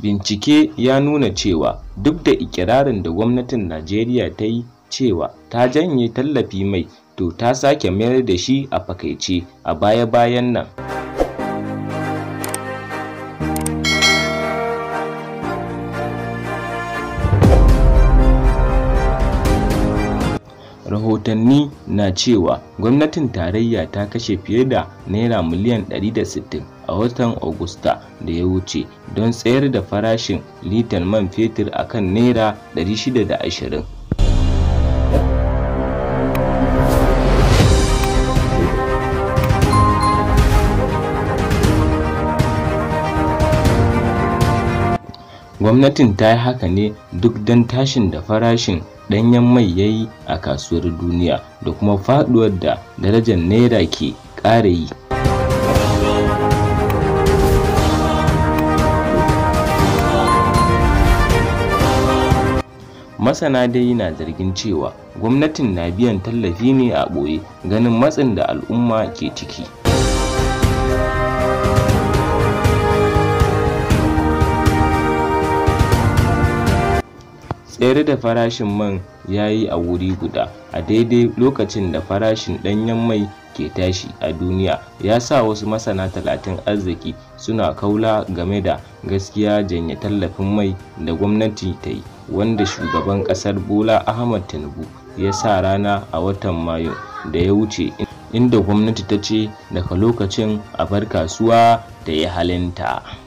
Bincike ya nuna cewa duk da ikirarin da gwamnatin Najeriya ta yi cewa ta janye tallafi mai, to ta sake mayar da shi a fakaice a baya-bayan nan. rahotanni na cewa gwamnatin tarayya ta kashe fiye da naira miliyan 160 a watan Agusta da ya wuce don tsayar da farashin litan man fetur a kan naira 620. gwamnatin ta yi haka ne duk don tashin da farashin ɗanyen mai ya yi a kasuwar duniya da kuma faɗuwar da darajar naira ke ƙara yi masana dai na zargin cewa gwamnatin na biyan tallafi ne a ɓoye ganin matsin da al'umma ke ciki tsere da farashin man ya yi a wuri guda a daidai lokacin da farashin ɗanyen mai ke tashi a duniya ya sa wasu masana talatin arziki suna kaula game da gaskiya janye tallafin mai da gwamnati ta yi wanda shugaban ƙasar bola ahmad tinubu ya sa rana a watan mayu da ya wuce inda gwamnati ta ce daga lokacin a bar kasuwa da ya halinta